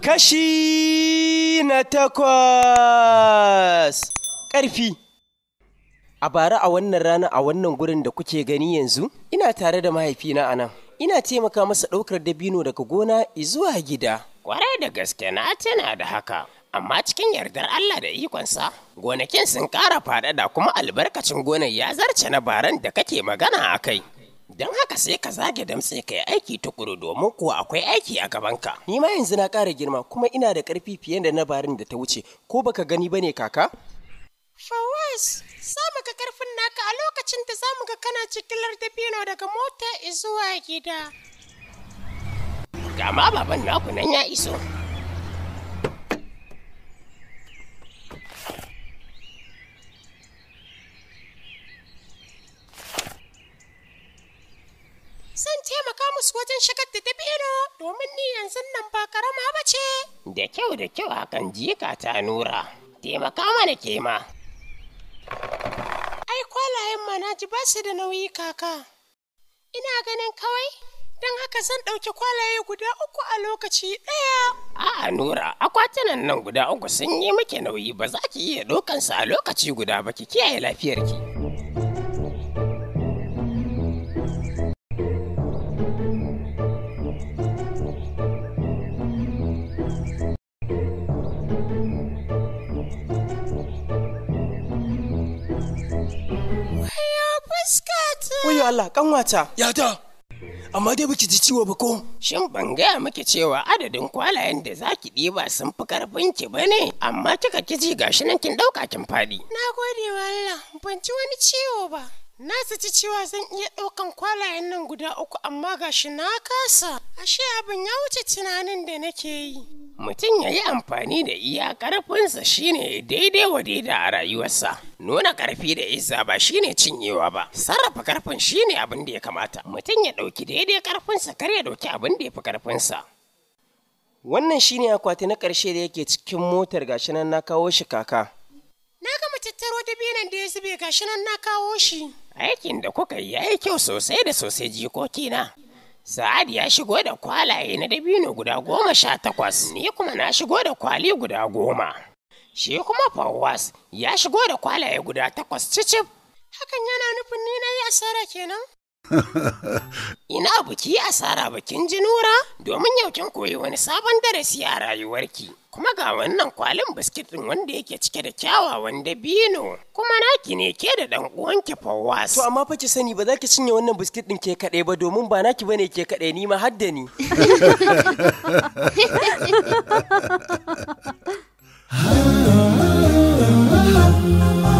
Kashi na takwas ƙarfi A bara a wannan rana a wannan gurin da kuke gani yanzu, ina tare da mahaifina a nan. Ina taimaka masa ɗaukar dabino daga gona zuwa gida. Kwarai da gaske na tana da haka, amma cikin yardar Allah da ikonsa, gonakin sun ƙara faɗaɗa kuma albarkacin gonar ya zarce na baran da kake magana a kai. Don haka sai ka zage sai ka yi aiki tukuru domin kuwa akwai aiki a gabanka. Ni ma yanzu na ƙara girma kuma ina da ƙarfi fiye da na barin da ta wuce ko baka gani ba ne kaka? Fawaz, za mu ga ƙarfin naka a lokacin da za mu ga kana jigilar dabino daga mota zuwa gida. Gama baban naku nan ya iso. Wasu wajen shigar da dabino domin ni yanzu nan ba karama ba ce. Da kyau da kyau hakan jika ta nura. Taimaka mana ke ma. Ai kwalayen ma na ji ba su da nauyi kaka. Ina ganin kawai don haka zan ɗauki kwalaye guda uku a lokaci ɗaya. A'a Nura, akwatunan nan guda uku sun yi muke nauyi ba za ki iya ɗokansa a lokaci guda ba ki kiyaye lafiyarki. Allah kanwata. Ya Amma dai baki ji ciwo ba ko? Shin ban gaya miki cewa adadin kwalayen da zaki ɗiba sun fi karfin ki ba ne? Amma kika kiji gashi nan kin ɗauka kin faɗi. Na gode wa Allah, ban ci wani ciwo ba. Na ci cewa zan iya ɗaukan kwalayen nan guda uku amma gashi na kasa. Ashe abin ya wuce tunanin da nake yi. mutum ya yi amfani da iya ƙarfinsa shine daidai wa daida a rayuwarsa nuna ƙarfi da isa ba shine cinyewa ba sarrafa ƙarfin shine abin da ya kamata mutum ya ɗauki daidai ƙarfinsa kar ya ɗauki abin da ya fi ƙarfinsa wannan shine akwati na ƙarshe da yake cikin motar gashi nan na kawo shi kaka na gama tattaro dabinan da ya zube gashi nan na kawo shi aikin da kuka yi ya yi kyau sosai da sosai jikokina Sa'ad ya shigo da kwalaye na dabino guda goma sha takwas, ni kuma na shigo da kwali guda goma. Shi kuma Fawwas ya shigo da kwalaye guda takwas cicif. Hakan yana nufin ni na yi asara kenan? Ina biki asara bikin jinura domin yaukin koyi wani sabon darasi a rayuwarki. Kuma ga wannan kwalin biskit ɗin wanda yake cike da kyawawan dabino. Kuma naki ne ke da ɗan uwanki Fawwas. To amma fa ki sani ba za ki cinye wannan biskit ɗin ke kaɗai ba domin ba naki bane ke kaɗai ni ma har da ni. Ha